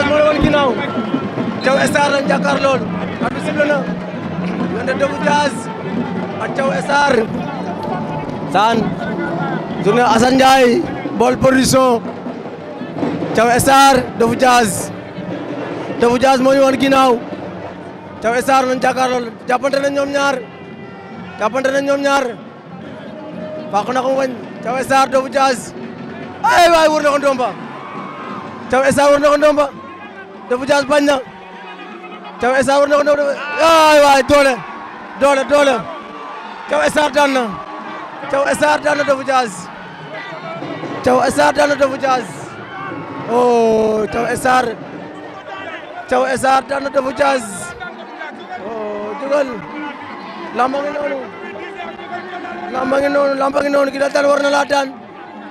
Orange moo la woon ginnaaw Thiaw Star lañ jàkkaar lool at bi sifle na Yonde Debout saan journée Assane Ndiaye ginnaaw Thiaw Star lañ jàkkaar lool jàppante na ñoom ñaar jàppante na ñoom wañ Thiaw Star Debout Diaz ay waay wër na ko ndomba Thiaw Star wër na Defu Jaas bañ na Thiam Essa war na ko def ay waay doole doole doole Thiam Essa daan na Thiam Essa daan na Defu Jaas Thiam Essa daan na Defu Jaas oh Thiam lamba ngi noonu lamba ngi noonu lamba ngi noonu ki daal daan war laa daan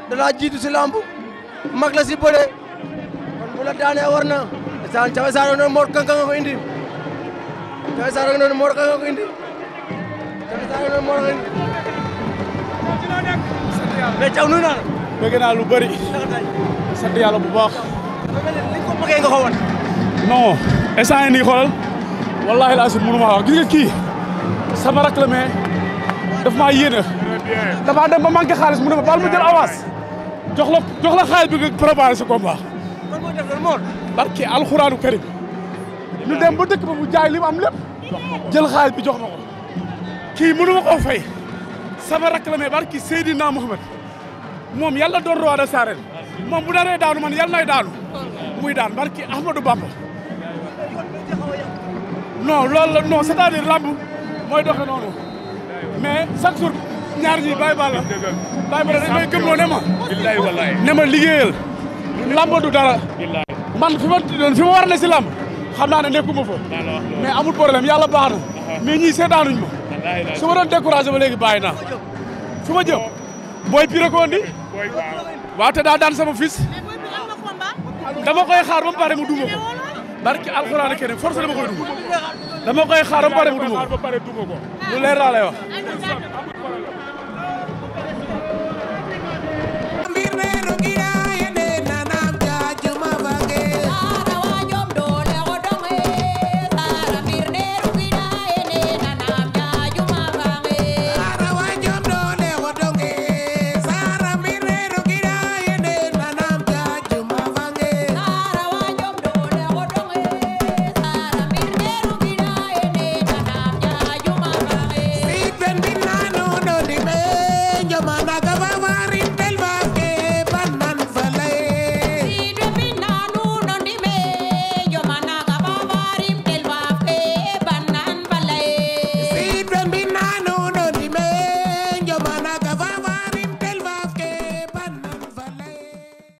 da jiitu si lamb mag si bëre kon bu la daanee war na saan Cawe Sarr noonu Mor Kanka nga indi Cawe Sarr noonu indi Cawe Sarr noonu Mor Kanka. mais Thiaw nuyu naa la. bëgg naa lu bu baax. li ko bëggee nga wallaahi laa si mënuma wax gis nga la mais daf maa yéene. dafa dem ba manqué xaalis mu ne ma baal ma jël avance jox xaalis bi nga sa combat. demoon barke alxuraanu karim ñu dem ba dëkk jaay li mu am lépp jël xaalis bi jox ma kii mënu ma koo fay sama la mais barki Seydina Muhammad moom yàlla doon roi de Sarène moom bu daree daanu man yàlla nay daanu muy daan barki Ahmadou Bamba non loolu la non cest mooy doxe noonu mais chaque ñaar ñi bàyyi baal la bàyyi ba dañ ma ne ma liggéeyal lamb du dara man fi ma fi ma war ne si làmb xam naa ne nekkuma fa mais amul problème yàlla baax na mais ñii seetaanuñ ma su ma doon découragé ba léegi bàyyi naa su ma jëm booy pire daa daan sama fils dama koy xaar ba mu pare mu duma ko alxuraan keneen force dama koy duma dama koy xaar ba mu pare mu duma ko lu leer laa